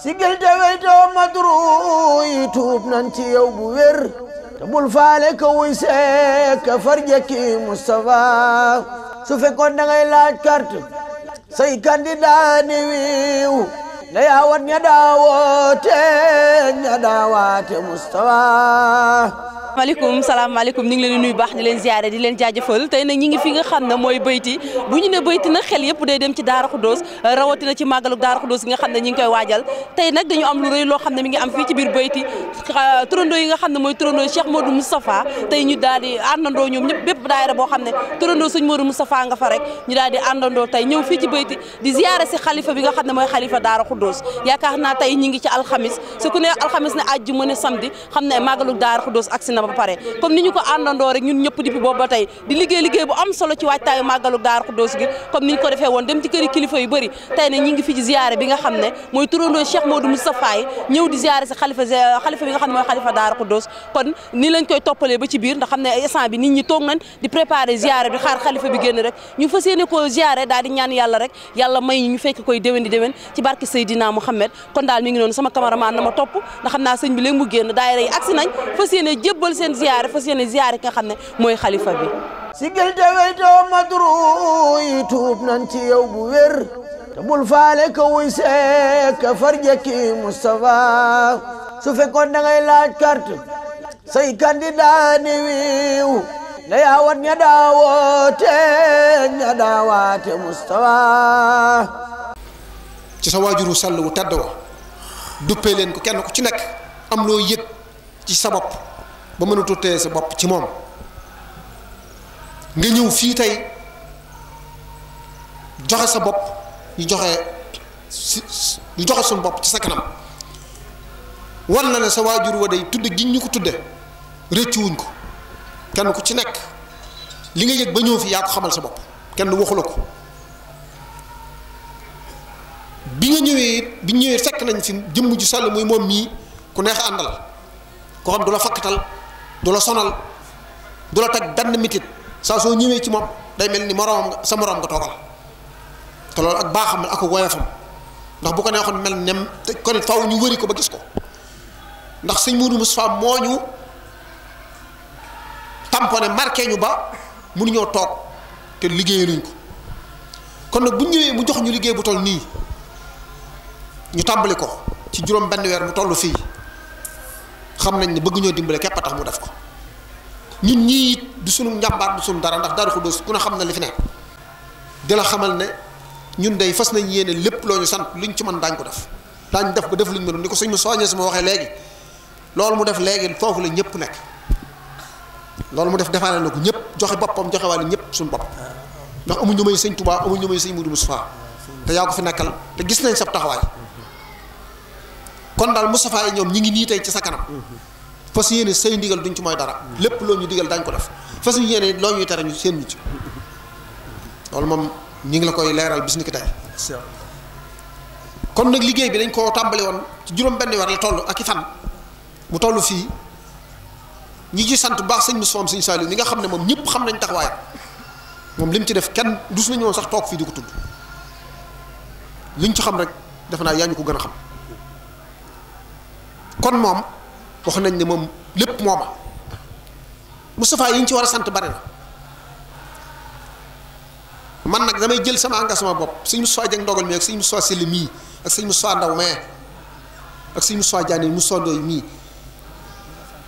sigil te weytoo madru yi tuub nan ci bu wér te bul faale ka wuy seek ka farjaki Moustapha su fekkoon da ngay laaj carte say candidat wiiw na yaawat ña daawoote ña daawaate Moustapha maaleykum salaamaaleykum ñu ngi leen di nuyu baax di leen ziare di leen jaajëfal tey nag ñi ngi fi nga xam ne mooy bayti bu ñu ne bayti nag xel yëpp day dem ci Daara Khoudoss rawatina ci màggalu Daara Khoudoss gi nga xam ne ñi ngi koy waajal tey nag dañu am lu rëy loo xam ne mi ngi am fii ci biir bayti turandoo yi nga xam ne mooy turandoo Cheikh Modou Moustapha tey ñu daal di àndandoo ñoom ñëpp bépp daayira boo xam ne turandoo sëñ Modou Moustapha nga fa rek ñu daal di àndandoo tey ñëw fii ci bayti di ziare si xalifa bi nga xam ne mooy xalifa Daara Khoudoss yaakaar naa tey ñi ngi ci alxamis su ku ne alxamis ne àjjuma ne samedi xam ne màggalu Daara Khoudoss agsi na na ba pare comme ni ñu ko àndandoo rek ñun ñëpp depuis boobu ba di liggéey liggéey bu am solo ci waajtaayu màggalu Daaru Xudoos gi comme ni ñu ko defee woon dem ci këri kilifa yu bëri tey ne ñi ngi fi ziyaare bi nga xam ne mooy turandoo Cheikh Modou Moustapha yi ñëw di ziyaare si xalifa bi nga xam ne mooy xalifa Daaru Xudoos kon ni lañ koy toppalee ba ci biir ndax ne instant bi ñi toog di préparer ziyaare bi xaar xalifa bi génn rek ñu fas yéene koo ziyaare ñëwal seen ziyaare fas mooy xalifa bi sigil te weytoo madru su fekkoon da laaj carte say candidat wiiw na yaawat ña daawoote ña daawaate Moustapha ci sa waajuru sàll wu tedd wa duppee leen ko kenn ku ci nekk am loo yëg ci sa ba mënatu téye sa bopp ci moom nga ñëw fii tey joxe sa bopp ñu joxe si ñu joxe suñu bopp ci sa kanam war na ne sa waajur wa day tudde gi ñu ko tudde rëccuwuñ ko kenn ku ci nekk li nga yëg ba ñëw fi yaa ko xamal sa bopp kenn waxu la ko bi nga ñëwee bi ñëwee fekk nañ fi jëmm ju sell muy moom mii ku neex àndal koo xam du la fakkatal du la sonal du la teg dann mitit saa soo ñëwee ci moom day mel ni moroomam sa moroom nga toogal te loolu ak baaxam ak woyofam ndax bu ko neexoon mel nem te kon faw ñu wëri ko ba gis ko ndax sëñ Mourou Moustapha moo ñu tamponné marqué ñu ba mënuñoo toog te liggéeyaluñ ko kon nag bu ñëwee mu jox ñu liggéey bu toll nii ñu tàmbali ko ci juróom benn weer mu toll fii xam nañ ne bëgg ñoo dimbale képp a tax mu def ko ñun ñii du sunu njàmbaar du sunu dara ndax Daaru Xuddoos ku ne xam na li fi nekk di la xamal ne ñun dey fas nañ yéene lépp loo ñu sant luñ ci mën daañ ko def daañ def ba def lu luñ mënoon ni ko suñ ma soññee sama waxee léegi loolu def léegi foofu la ñëpp nekk loolu mu def defaale na ñëpp joxe boppam joxe waale ñëpp suñu bopp ndax amuñ ñu may sëñ Tuubaa amuñ ñu may sëñ Mudu Mustafaa te yaa ko fi nekkal te gis nañ sab taxawaay kon daal Moustapha yi ñoom ñi ngi nii tey ci sa kanam fas yéene say ndigal duñ ci mooy dara lépp loo ñu digal dañ ko def fas yéene loo ñuy tere ñu seen ñu ci loolu moom ñu ngi la koy leeral bis ni ki tey kon nag liggéey bi dañ koo tàmbali woon ci juróom benn weer la toll ak i fan mu toll fii ñu ci sant baax sëñ Moustapha sëñ Saliou mi nga xam ne moom ñëpp xam nañ taxawaayam moom lim ci def kenn dus nañu woon sax toog fii di ko tudd liñ ci xam rek def naa yaa ko gën a xam kon moom wax nañ ne moom lépp mooma Moustapha yi ñu ci war a sant bari na man nag damay jël sama engagement bopp suñu Moustapha Dieng ndogal mi ak suñu mii ak suñu Moustapha Ndaw mee ak suñu Moustapha Diané Moustapha Ndoy mii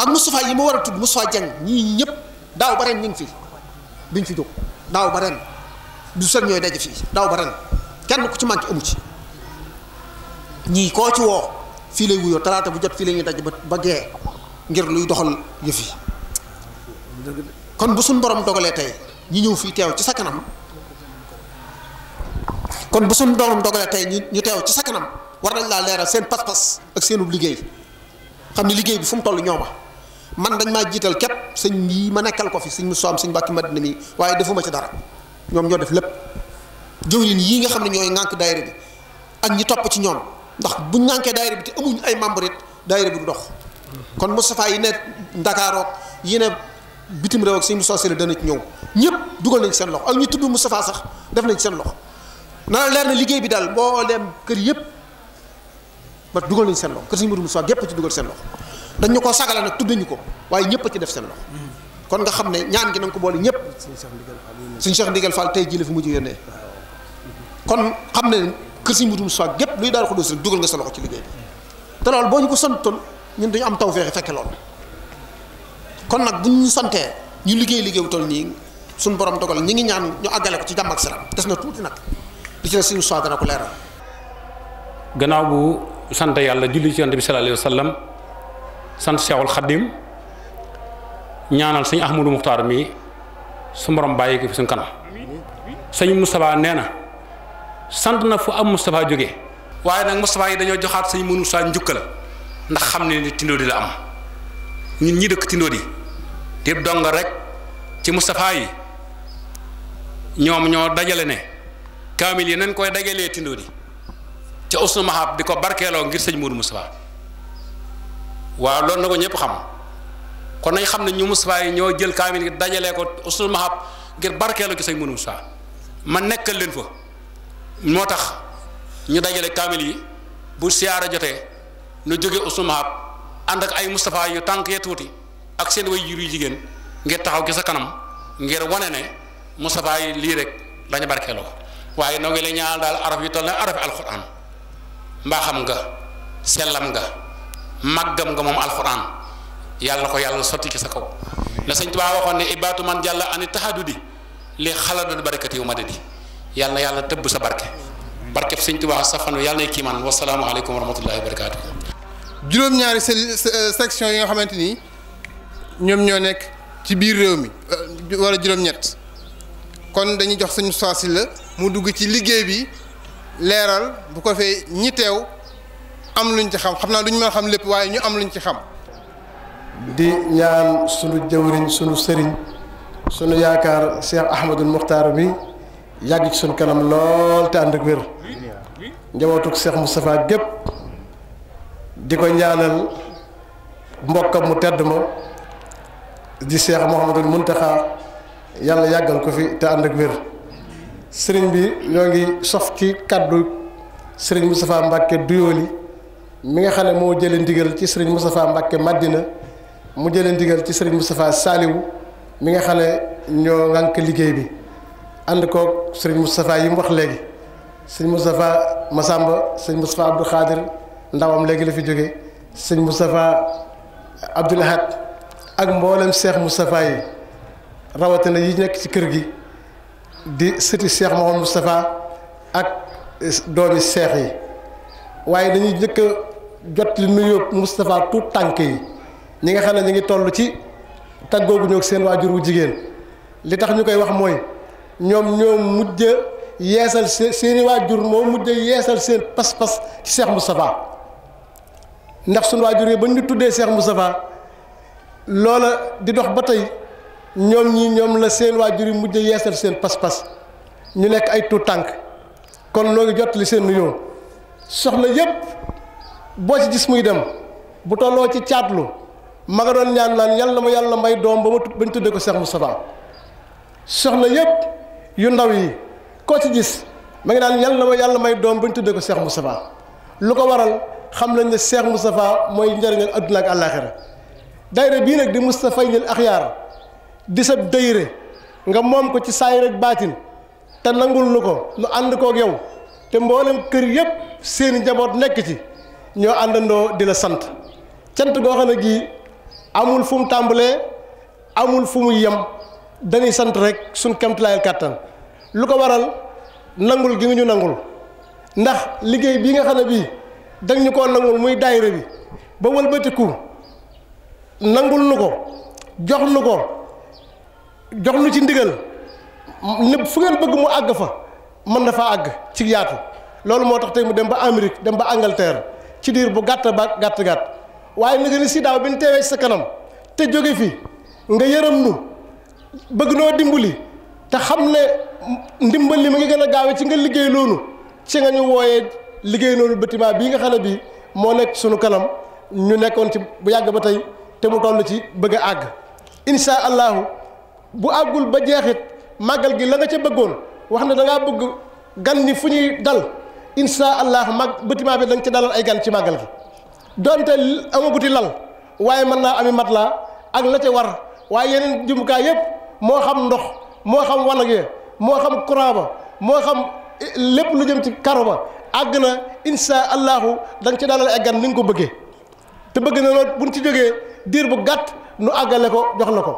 ak Moustapha yi ma war a tudd Moustapha Dieng ñii ñëpp daaw ba ren ñu ngi fi biñ fi jóg daaw ba du seen ñooy daje fii daaw ba ren kenn ku ci manqué amu ci ñii koo ci woo. fii lay wuyoo talaata bu jot fii ñu ñuy daj ba gee ngir luy doxal yëf kon bu sun borom dogalee tay ñi ñëw fi teew ci sa kanam kon bu sun borom dogalee tey ñu teew ci sa kanam war nañ la leeral seen pass pass ak seenub liggéey xamni ni liggéey bi fu mu tollu ñooma man dañ ma jital kep señ mii ma nekkal ko fi señ mu soom señ mbàkki madina mi waaye defuma ci dara ñoom ñoo def lépp jëwlin yi nga xam ne ñooy ngànk daayira bi ak ñi topp ci ñoom ndax buñ ñànkee daayira bi te amuñ ay membre it daayira bi du dox kon Moustapha yi ne Ndakaarook yi ne bitim réew ak sëñ Moustapha Sylla ci ñëw ñëpp dugal nañ seen loxo ak ñu tudd Moustapha sax def nañ seen loxo na leer na liggéey bi daal mbooleem kër yëpp ma dugal nañ seen loxo kër sëñ Modou Moustapha gépp ci seen loxo dañ ko sagale nag tudd ñu ko waaye ñëpp a ci def seen loxo kon nga xam ne ñaan gi na ko boole ñëpp suñ Cheikh Ndigal Fall tey jii la fi mujj yónnee kon xam ne kër si mudum soit gep luy daal ko rek dugal nga sa loxo ci liggéey bi te loolu boo ñu ko santoon ñun dañu am taw fexe fekke loolu kon nag bu ñu santee ñu liggéey liggéey tol nii suñ borom dogal ñi ngi ñaan ñu àggale ko ci jàmm ak salam des na tuuti nag li ci des suñu soit dana ko leeral gannaaw bu sant yàlla julli ci yonte bi sallallahu alayhi wasallam sant cheikhul khadim ñaanal sëñ ahmadou muxtaar mi su borom bàyyi ko fi suñ kanam sëñ moustapha nee na sant na fu am Moustapha jóge waaye nag Moustapha yi dañoo joxaat sëñ mënu saa njukka ndax xam ne ni la am ñun ñii dëkk Tindodi di dong rek ci Moustapha yi ñoom ñoo dajale ne kaamil yi nañ koy dajalee Tindodi ca Usnu Mahab di ko barkeeloo ngir sëñ Mourou Moustapha waaw loolu na ko ñëpp xam kon nañ xam ne ñu mustafaa yi ñoo jël kaamil yi dajalee ko Usnu Mahab ngir barkeeloo ci sëñ Mourou Moustapha ma nekkal leen fa. moo tax ñu dajale kaamil yi bu siyaara jotee nu jóge usumaab ànd ak ay Moustapha yu tànk yee tuuti ak seen way jur yu jigéen ngir taxaw gi sa kanam ngir wane ne Moustapha yi lii rek lañu barkeeloo waaye noo ngi la ñaanal daal araf yu toll na arafi alquran mbaaxam nga sellam nga màggam nga moom alquran yàlla ko yàlla sotti ci sa kaw la sëñ Tuubaa waxoon ne ibaatu man jàlla ani tahadudi li xaladul barakati yu ma di yàlla na yàlla tëbb sa barke barke sëñ Tuubaa sa fanu yàlla nay kiimaan wasalaamualeykum wa rahmatullahi wa barakaatu. juróom-ñaari euh, section yi nga xamante ni ñoom ñoo nekk ci biir réew mi euh, wala juróom-ñett kon dañuy jox suñu soixante la mu dugg ci liggéey bi leeral bu ko fee ñi teew am luñ ci xam xam naa duñ mën a xam lépp waaye ñu am luñ ci xam. di ñaan sunu jëwriñ sunu sëriñ sunu yaakaar Cheikh Ahmadul Muxtaar bi. yàgg ci suñ kanam lool te ànd ak wér njabootug Cheikh Moustapha gépp di ko ñaanal mbokkam mu tedd ma di Cheikh Mouhamadul Muntaxa yàlla yàggal ko fi te ànd ak wér sëriñ bi ñoo ngi sof ci kàddu sëriñ Moustapha Mbacke Douyoly mi nga xam ne moo jëlee ndigal ci sëriñ Moustapha Mbacke Madina mu jëlee ndigal ci sëriñ Moustapha Saliou mi nga xam ne ñoo ngànk liggéey bi ànd koog sëriñ Moustapha yi mu wax léegi sëñ Moustapha Massamba sëñ Moustapha Abdou Khadir ndawam léegi la fi jóge sëñ Moustapha Abdou Lahad ak mboolem seex Moustapha yi rawatina yi nekk ci kër gi di sëti seex Mouhamadou Moustapha ak doomi seex yi waaye dañuy njëkk jot li nuyoo Moustapha tout tànk yi ñi nga xam ne ñu ngi toll ci taggooguñu ak seen waajur wu jigéen li tax ñu koy wax mooy. ñoom ñoo mujj yeesal seen seeni waajur moo mujj yeesal seen pas-pas ci Cheikh Moustapha ndax sunu waajur yi ba ñu tuddee Cheikh Moustapha loola di dox ba tey ñoom ñi ñoom la seen waajur yi mujj yeesal seen pas-pas ñu nekk ay tuut tànk kon noo ngi jottali seen nuyoo soxla yépp boo ci gis muy dem bu tolloo ci caatlu ma nga doon ñaan naan yàlla ma yàlla may doom ba ma bañ tuddee ko Cheikh Moustapha soxna yépp yu ndaw yi koo ci gis ma ngi naan yàlla na ma yàlla may doom ba ñu tuddee ko Cheikh Moustapha lu ko waral xam nañ ne Cheikh Moustapha mooy njëriñal adduna ak àllaaxira dayre bii nag di Moustapha ak yaar di sa dayre nga moom ko ci saayir ak baatin te nangul nu ko lu ànd kook yow te mboolem kër yëpp seeni njaboot nekk ci ñoo àndandoo di la sant cant goo xam amul fu mu tàmbalee amul fu mu yem dañuy sant rek suñ kamtilaayal kàttan lu ko waral nangul gi nga ñu nangul ndax liggéey bii nga xam ne bii dañ ñu koo nangul muy daayira bi ba wëlbatiku nangul nu ko jox nu ko jox nu ci ndigal ne fu ngeen bëgg mu àgg fa mën na faa àgg ci yaatu loolu moo tax tey mu dem ba Amérique dem ba Angleterre ci diir bu gàtt ba gàtt gàtt waaye nag li si bi ñu teewee sa kanam te jóge fi nga yërëm nu bëgg noo dimbali te xam ne ndimbal li mu ngi gën a gaawe ci nga liggéey loolu ci nga ñu wooyee liggéey loolu bâtiment bii nga xam ne bii moo nekk sunu kanam ñu nekkoon ci bu yàgg ba tey te mu toll ci bëgg àgg insha allahu bu àggul ba jeexit màggal gi la nga ca bëggoon wax ne da ngaa bëgg gan ni fu ñuy dal insha allah mag bâtiment bi da nga ca dalal ay gan ci màggal gi donte amaguti lal waaye mën naa ami laa ak la ca war waaye yeneen jumtukaay yëpp. moo xam ndox moo xam wanag moo xam courant moo xam eh, lépp lu jëm ci karo ba àgg na insha allahu dañ ci dalal eggan ni nga ko bëggee te bëgg na loolu buñ ci jógee diir bu gàtt nu àggale ko jox la ko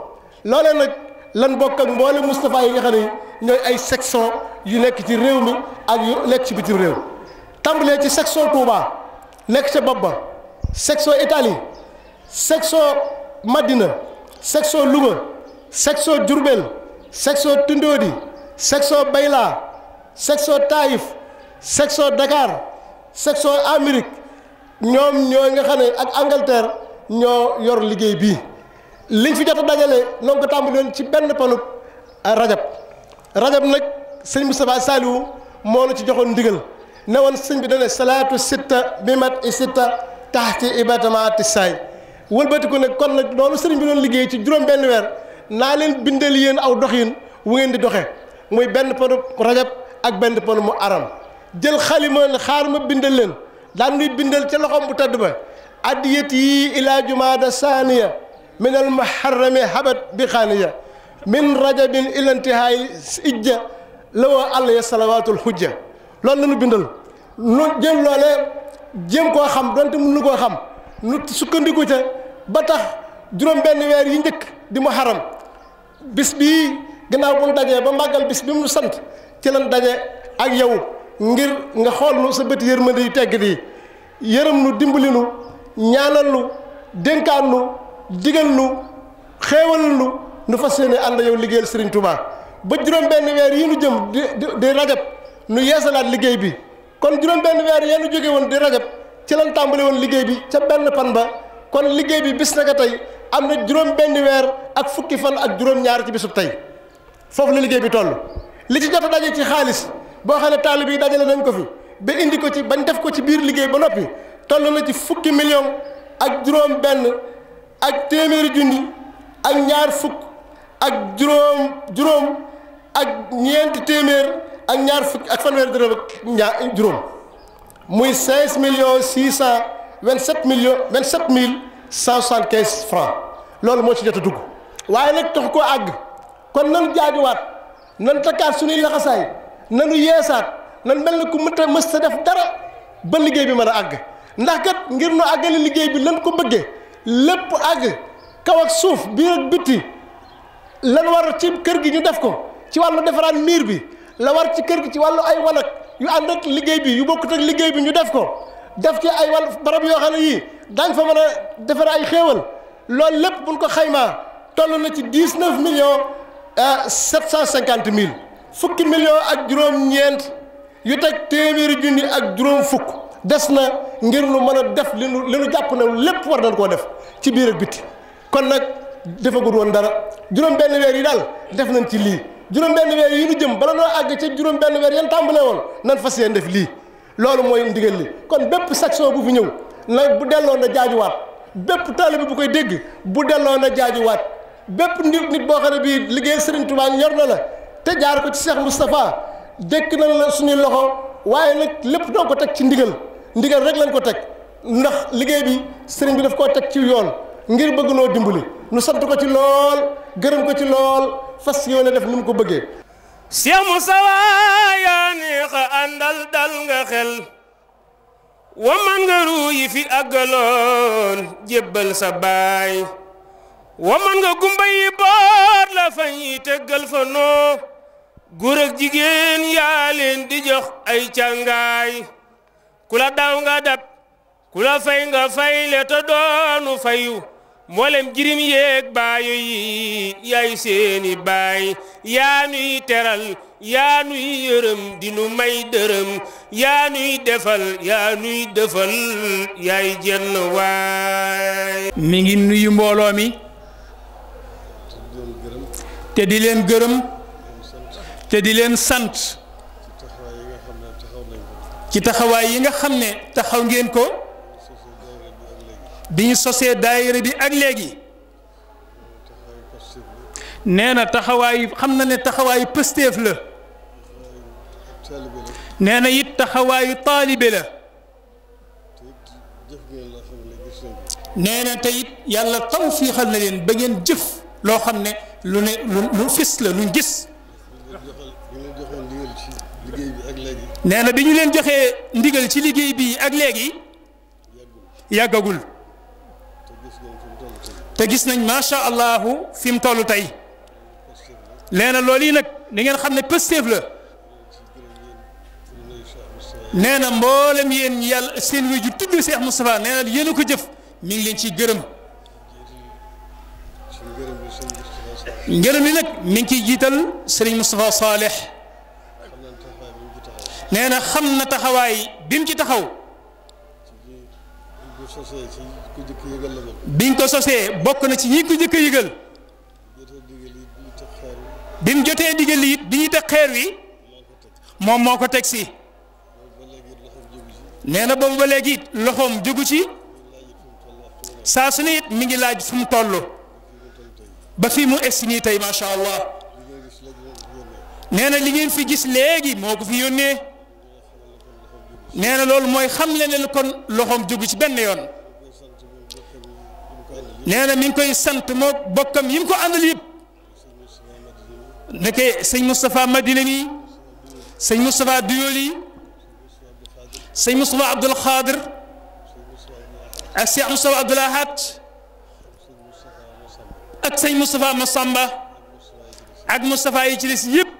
loolee nag lan bokk ak mboole yi nga xam ne ñooy ay section yu nekk ci réew mi ak yu nekk ci bitim réew tàmbalee ci section Touba nekk ca bopp ba section Italie section Madina section Louga section Diourbel section Tindodi section Bayla section Taïf section Dakar section Amérique ñoom ñoo nga xam ne ak Angleterre ñoo yor liggéey bi liñ fi jot a dajale noonu ko tàmbali woon ci benn panub rajab rajab nag sëñ Moustapha Saliou moo la ci joxoon ndigal ne woon sëñ bi dane salaatu sitta bi mat i sitta tax ci ibatamaati saay wëlbatiku nag kon nag loolu sëriñ bi doon liggéey ci juróom benn weer naa leen bindal yéen aw doxin wu ngeen di doxe muy benn panu rajab ak benn panu mu aram jël xalima ne xaar ma bindal leen daan nuy bindal ca loxoom bu tedd ba addiyat yii ilaa jumaada saaniya min al muharrami habat bi xaaniya min rajabin ila ijja la woo àll ya salawaatul hujja loolu la ñu bindal nu jël loolee jéem koo xam donte mënu koo xam nu sukkandiku ca ba tax juróom benn weer yi njëkk di muharram bis bii ginnaaw bu nu dajee ba màggal bis bi mu sant ci lan daje ak yow ngir nga xool nu sa bët yërmande yi tegg di yërëm nu dimbali nu ñaanal nu dénkaan nu digal nu xéewal nu nu fas yéene ànd yow liggéeyal Serigne Touba ba juróom-benn weer yi nu jëm di di rajab nu yeesalaat liggéey bi kon juróom-benn weer yéen jóge woon di rajab ci lan tàmbali woon liggéey bi ca benn pan ba kon liggéey bi bis na ka tey am na juróom benn weer ak fukki fan ak juróom-ñaar ci bisub tey foofu la liggéey bi toll li ci jot a daje ci xaalis boo xam ne taalib yi dajale nañ ko fi ba indi ko ci bañ def ko ci biir liggéey ba noppi toll na ci fukki million ak juróom benn ak téeméeri junni ak ñaar fukk ak juróom juróom ak ñeenti téeméer ak ñaar fukk ak fanweeri dërëm ak ñaar juróom muy 5 millions 627 millions 27 mille 175 francs loolu moo ci jot a dugg waaye nag tax koo àgg kon nanu jaajuwaat nan takkaat suñuy laxasaay nanu yeesaat nan mel na ku mënta mës sa def dara ba liggéey bi mën a àgg ndax kat ngir nu àggale liggéey bi lan ko bëggee lépp àgg kaw ak suuf biir ak bitti lan war ci kër gi ñu def ko ci wàllu defaraat miir bi la war ci kër gi ci wàllu ay wanag yu ànd ak liggéey bi yu bokkut ak liggéey bi ñu def ko def ci ay wàll barab yoo xam ne yii daañ fa mën a defar ay loolu lépp buñ ko xaymaa toll na ci dix neuf millions euh, sept cent cinquante mille fukki million ak juróom-ñeent yu teg téeméeri junni ak juróom-fukk des na ngir nu mën a def li nu li jàpp na lépp war nañ koo def ci biir ak bitti kon nag defagul woon dara juróom-benn weer yi daal def nañ ci lii juróom-benn weer yi nu jëm bala noo àgg ca juróom-benn weer yan tàmbalee woon nan fas yéen def lii loolu mooy ndigal li kon bépp section bu fi ñëw na bu delloo na jaajuwaat. bépp taalibe bu koy dégg bu delloo a jaajuwaat bépp nit nit boo xam ne bii liggéey Serigne Touba ñor na la te jaar ko ci Cheikh Moustapha dëkk nañ la suñuy loxo waaye nag lépp doo ko teg ci ndigal ndigal rek lañ ko teg ndax liggéey bi sëriñ bi daf koo teg ci yoon ngir bëgg noo dimbali nu sant ko ci lool gërëm ko ci lool fas yéene def ni mu ko bëggee. Cheikh Moustapha yaa neex a àndal dal nga xel. wa man nga ruu yi fi àggaloon jébbal sa baay wa man nga gumba yi boot la fa ñuy teggal fa noo góor ak jigéen yaa di jox ay càngaay ku la daaw nga dab ku la fay nga fay le te doonu fayu mboolem jirim yeeg baayu yi yaay seeni baay yaa nuy teral yaa nuy yërëm di may dërëm yaa nuy defal yaa nuy defal yaay jenn waay. mi ngi nuyu mbooloo mi te di leen gërëm te di leen sant ci taxawaay yi nga xam ne taxaw ngeen ko. bi sosé daayira bi ak légui néna taxaway xamna ne taxaway pestef la néna yit taxaway talib la néna na yàlla tawfiixal na len ba ngeen jëf lo xamné lu ne lu fis la lu gis néna biñu len joxé ndigal ci ligéy bi ak légui yagagul te gis nañ macha allahu fi mu toll tey nee na loolu yi ngeen xamne positif la neena mbolam yéen yal seen wéju tuddu Cheikh mustafa neena yéen ko jëf mi ngi leen ci gërëm ngërëm li nag mi ngi jital Serigne mustafa salih neena xamna taxaway bim ci taxaw. biñ ko sosee bokk na ci ñi ko jëkk a yëgal. bi mu jotee digal it bi ñuy teg xeer wi moom moo ko teg si. nee na boobu ba léegi it loxoom jógu ci saa su ne it mi ngi laaj fu mu toll ba fii mu egsi nii tey macha allah nee li ngeen fi gis léegi moo ko fi yónnee. نانا لول موي خام لين كون لوخوم جوغي سي بن يون نانا مين كوي سانت موك بوكام ييم كو اندال ييب نكاي سيغ مصطفى مدينه مي سيغ مصطفى ديولي سيغ مصطفى عبد القادر اك سيغ مصطفى عبد الاحد اك سيغ مصطفى مصامبا اك مصطفى يجلس ييب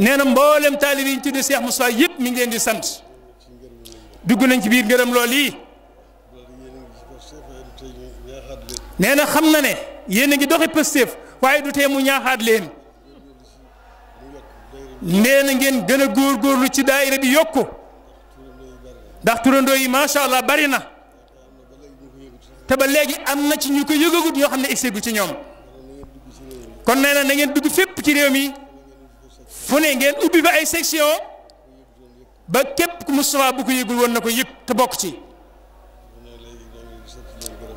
nee na mboolem taalib yi ñu tuddee Cheikh Moussa yëpp mi ngi leen di sant dugg nañ ci biir ngërëm lool yi nee na xam na ne yéen a ngi doxi pësteef waaye du tee mu ñaaxaat leen nee na ngeen gën a góorgóorlu ci daayira bi yokk ndax turandoo yi macha allah bari na te ba léegi am na ci ñu ko yëgagut ñoo xam ne egseegu ci ñoom kon nee na dugg fépp ci réew mi. fu ne ngeen ubbi fa ay section ba képp ku Moustapha bu ko yëgul woon na ko yëpp te bokk ci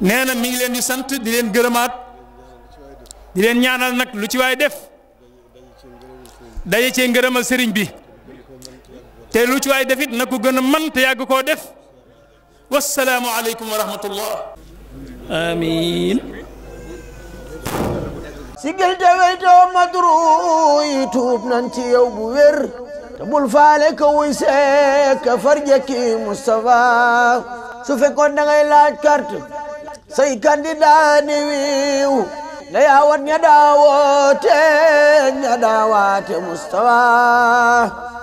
nee mi ngi leen di sant di leen gërëmaat di leen ñaanal nag lu ci waay def daje cee ngërëmal sëriñ bi te lu ci waay defit it na ko gën a mën te yàgg koo def wasalaamu aleykum wa rahmatullah amiin sigil te weytoo madru yi tuub nan ci yow bu wér te bul faale ka wuy see ka farjëkki Moustapha su fekkoon da ngay laaj carte say candidat wiiw na yaawat ña daawoo ña daawaate Moustapha